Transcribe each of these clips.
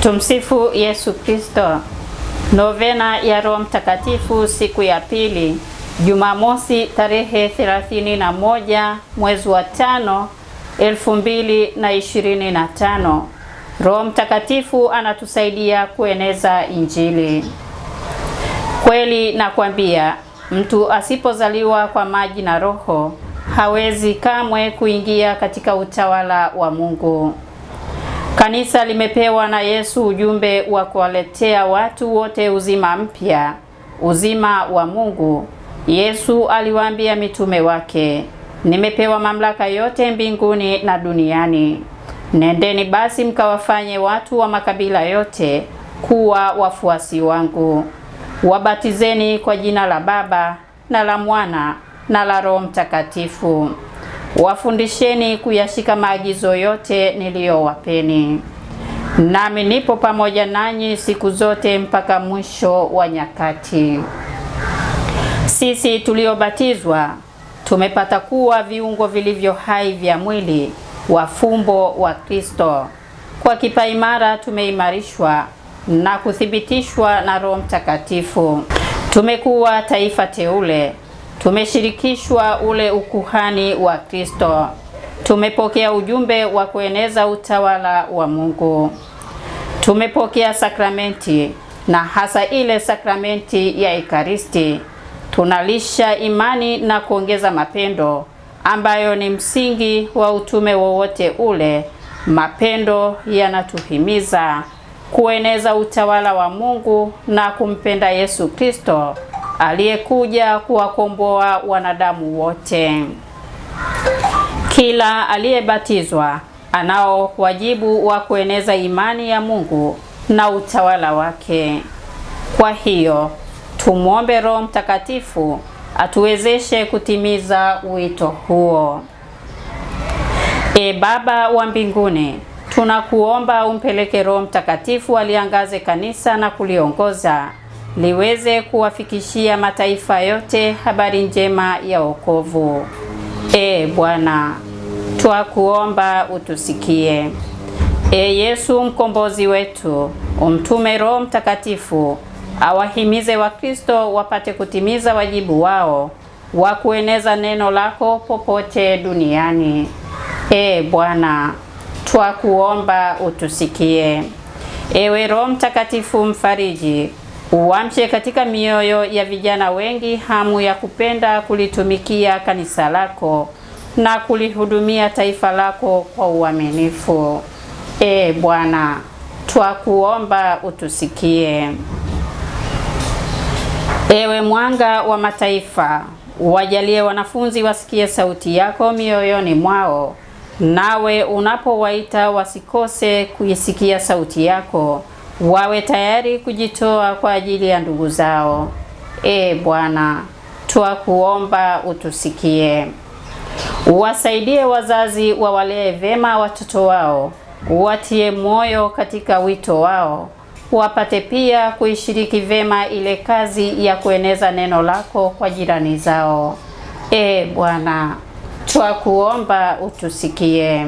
Tumsifu Yesu Kristo. Novena ya Roho Mtakatifu, siku ya pili, Jumamosi tarehe 31 mwezi wa tano 2025. Roho Mtakatifu anatusaidia kueneza Injili. Kweli nakwambia, mtu asipozaliwa kwa maji na Roho hawezi kamwe kuingia katika utawala wa Mungu. Kanisa limepewa na Yesu ujumbe wa kuwaletea watu wote uzima mpya, uzima wa Mungu. Yesu aliwaambia mitume wake, nimepewa mamlaka yote mbinguni na duniani. Nendeni basi mkawafanye watu wa makabila yote kuwa wafuasi wangu, wabatizeni kwa jina la Baba na la Mwana na la Roho Mtakatifu wafundisheni kuyashika maagizo yote niliyowapeni, nami nipo pamoja nanyi siku zote mpaka mwisho wa nyakati. Sisi tuliobatizwa tumepata kuwa viungo vilivyo hai vya mwili wa fumbo wa Kristo. Kwa kipaimara tumeimarishwa na kuthibitishwa na Roho Mtakatifu. Tumekuwa taifa teule Tumeshirikishwa ule ukuhani wa Kristo. Tumepokea ujumbe wa kueneza utawala wa Mungu. Tumepokea sakramenti na hasa ile sakramenti ya Ekaristi. Tunalisha imani na kuongeza mapendo ambayo ni msingi wa utume wowote ule. Mapendo yanatuhimiza kueneza utawala wa Mungu na kumpenda Yesu Kristo aliyekuja kuwakomboa wanadamu wote. Kila aliyebatizwa anao wajibu wa kueneza imani ya Mungu na utawala wake. Kwa hiyo tumwombe Roho Mtakatifu atuwezeshe kutimiza wito huo. E Baba wa mbinguni, tunakuomba umpeleke Roho Mtakatifu aliangaze kanisa na kuliongoza liweze kuwafikishia mataifa yote habari njema ya wokovu. E Bwana, twakuomba utusikie. E Yesu mkombozi wetu, umtume Roho Mtakatifu awahimize Wakristo wapate kutimiza wajibu wao wa kueneza neno lako popote duniani. E Bwana, twakuomba utusikie. Ewe Roho Mtakatifu mfariji Uamshe katika mioyo ya vijana wengi hamu ya kupenda kulitumikia kanisa lako na kulihudumia taifa lako kwa uaminifu. E Bwana, twakuomba utusikie. Ewe mwanga wa mataifa, wajalie wanafunzi wasikie sauti yako mioyoni mwao, nawe unapowaita wasikose kuisikia sauti yako wawe tayari kujitoa kwa ajili ya ndugu zao. E Bwana, twakuomba utusikie. Wasaidie wazazi wawalee vyema watoto wao, watie moyo katika wito wao, wapate pia kuishiriki vyema ile kazi ya kueneza neno lako kwa jirani zao. E Bwana, twakuomba utusikie.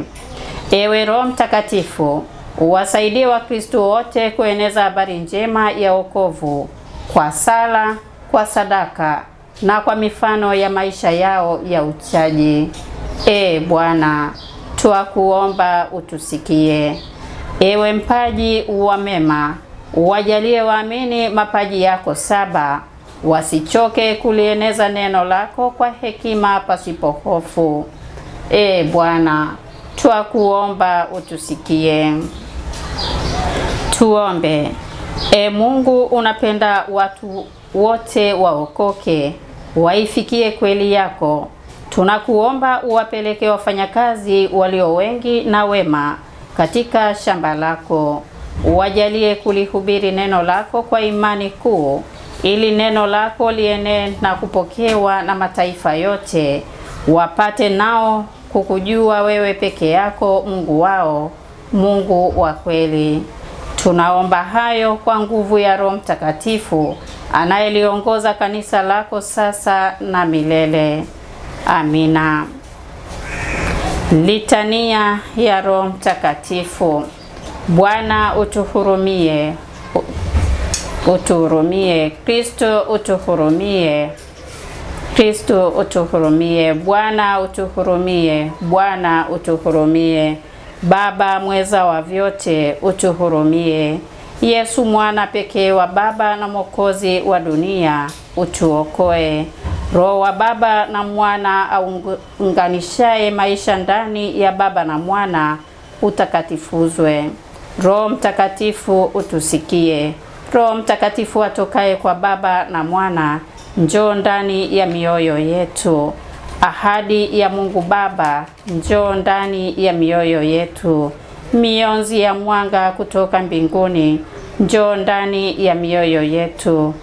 Ewe Roho Mtakatifu, uwasaidie Wakristo wote kueneza habari njema ya wokovu kwa sala, kwa sadaka na kwa mifano ya maisha yao ya uchaji. E Bwana, twakuomba utusikie. Ewe mpaji wa mema, uwajalie waamini mapaji yako saba, wasichoke kulieneza neno lako kwa hekima pasipo hofu. E Bwana, twakuomba utusikie. Tuombe. E Mungu, unapenda watu wote waokoke, waifikie kweli yako. Tunakuomba uwapeleke wafanyakazi walio wengi na wema katika shamba lako, uwajalie kulihubiri neno lako kwa imani kuu, ili neno lako lienee na kupokewa na mataifa yote, wapate nao kukujua wewe peke yako, Mungu wao, Mungu wa kweli. Tunaomba hayo kwa nguvu ya Roho Mtakatifu anayeliongoza kanisa lako sasa na milele. Amina. Litania ya Roho Mtakatifu. Bwana utuhurumie, utuhurumie. Kristo utuhurumie, Kristo utuhurumie. Bwana utuhurumie, Bwana utuhurumie. Baba mweza wa vyote, utuhurumie. Yesu mwana pekee wa Baba na mwokozi wa dunia, utuokoe. Roho wa Baba na Mwana aunganishaye maisha ndani ya Baba na Mwana, utakatifuzwe. Roho Mtakatifu utusikie. Roho Mtakatifu atokaye kwa Baba na Mwana, njoo ndani ya mioyo yetu Ahadi ya Mungu Baba, njoo ndani ya mioyo yetu. Mionzi ya mwanga kutoka mbinguni, njoo ndani ya mioyo yetu.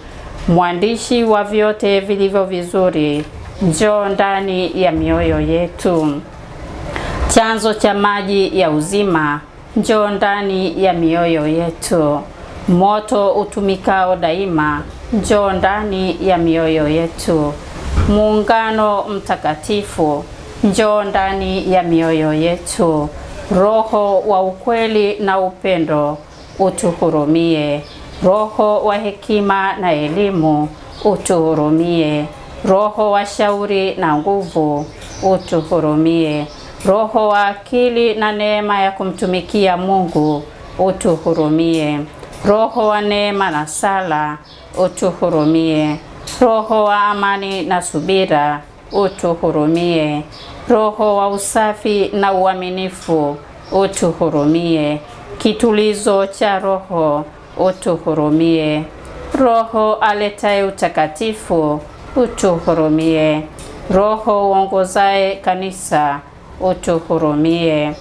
Mwandishi wa vyote vilivyo vizuri, njoo ndani ya mioyo yetu. Chanzo cha maji ya uzima, njoo ndani ya mioyo yetu. Moto utumikao daima, njoo ndani ya mioyo yetu. Muungano Mtakatifu, njoo ndani ya mioyo yetu. Roho wa ukweli na upendo, utuhurumie. Roho wa hekima na elimu, utuhurumie. Roho wa shauri na nguvu, utuhurumie. Roho wa akili na neema ya kumtumikia Mungu, utuhurumie. Roho wa neema na sala, utuhurumie. Roho wa amani na subira, utuhurumie. Roho wa usafi na uaminifu, utuhurumie. Kitulizo cha Roho, utuhurumie. Roho aletaye utakatifu, utuhurumie. Roho uongozaye kanisa, utuhurumie.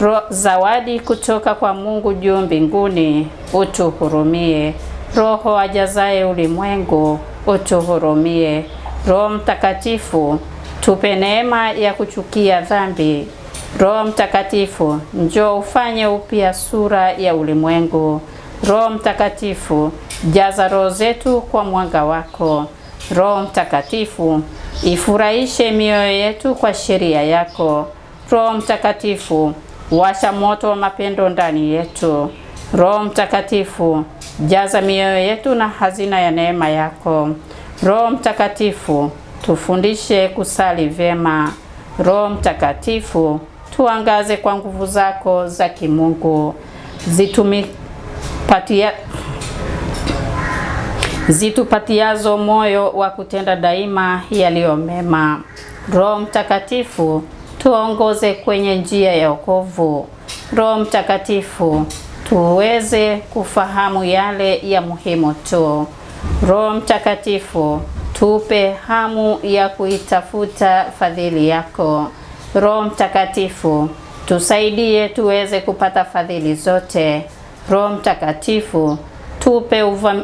Ro zawadi kutoka kwa Mungu juu mbinguni, utuhurumie. Roho ajazaye ulimwengu utuhurumie. Roho Mtakatifu, tupe neema ya kuchukia dhambi. Roho Mtakatifu, njoo ufanye upya sura ya ulimwengu. Roho Mtakatifu, jaza roho zetu kwa mwanga wako. Roho Mtakatifu, ifurahishe mioyo yetu kwa sheria yako. Roho Mtakatifu, washa moto wa mapendo ndani yetu. Roho Mtakatifu, Jaza mioyo yetu na hazina ya neema yako. Roho Mtakatifu, tufundishe kusali vyema. Roho Mtakatifu, tuangaze kwa nguvu zako za kimungu. Zitumipatia zitupatiazo moyo wa kutenda daima yaliyo mema. Roho Mtakatifu, tuongoze kwenye njia ya wokovu. Roho Mtakatifu, tuweze kufahamu yale ya muhimu tu. Roho Mtakatifu, tupe hamu ya kuitafuta fadhili yako. Roho Mtakatifu, tusaidie tuweze kupata fadhili zote. Roho Mtakatifu, tupe uva...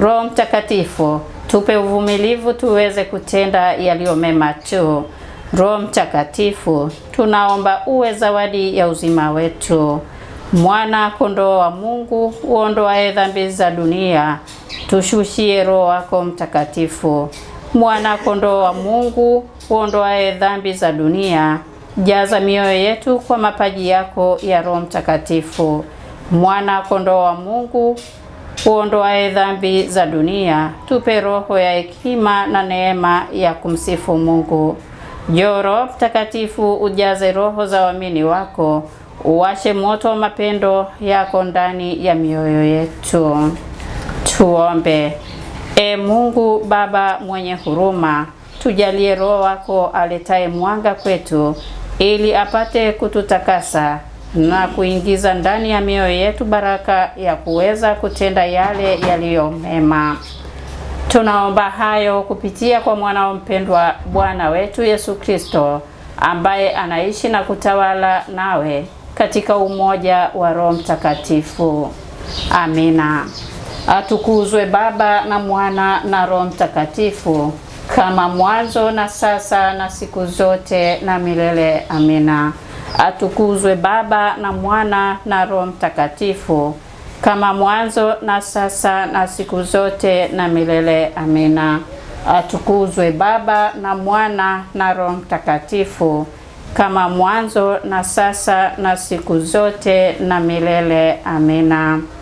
Roho Mtakatifu, tupe uvumilivu tuweze kutenda yaliyo mema tu. Roho Mtakatifu, tunaomba uwe zawadi ya uzima wetu. Mwana kondoo wa Mungu uondoaye dhambi za dunia, tushushie Roho wako Mtakatifu. Mwana kondoo wa Mungu uondoaye dhambi za dunia, jaza mioyo yetu kwa mapaji yako ya Roho Mtakatifu. Mwana kondoo wa Mungu uondoaye dhambi za dunia, tupe roho ya hekima na neema ya kumsifu Mungu. Njoo Mtakatifu, ujaze roho za waamini wako uwashe moto wa mapendo yako ndani ya mioyo yetu. Tuombe. E Mungu Baba mwenye huruma, tujalie Roho wako aletaye mwanga kwetu, ili apate kututakasa na kuingiza ndani ya mioyo yetu baraka ya kuweza kutenda yale yaliyo mema. Tunaomba hayo kupitia kwa mwanao mpendwa Bwana wetu Yesu Kristo, ambaye anaishi na kutawala nawe katika umoja wa Roho Mtakatifu. Amina. Atukuzwe Baba na Mwana na Roho Mtakatifu, kama mwanzo na sasa na siku zote na milele. Amina. Atukuzwe Baba na Mwana na Roho Mtakatifu, kama mwanzo na sasa na siku zote na milele. Amina. Atukuzwe Baba na Mwana na Roho Mtakatifu kama mwanzo na sasa na siku zote na milele. Amina.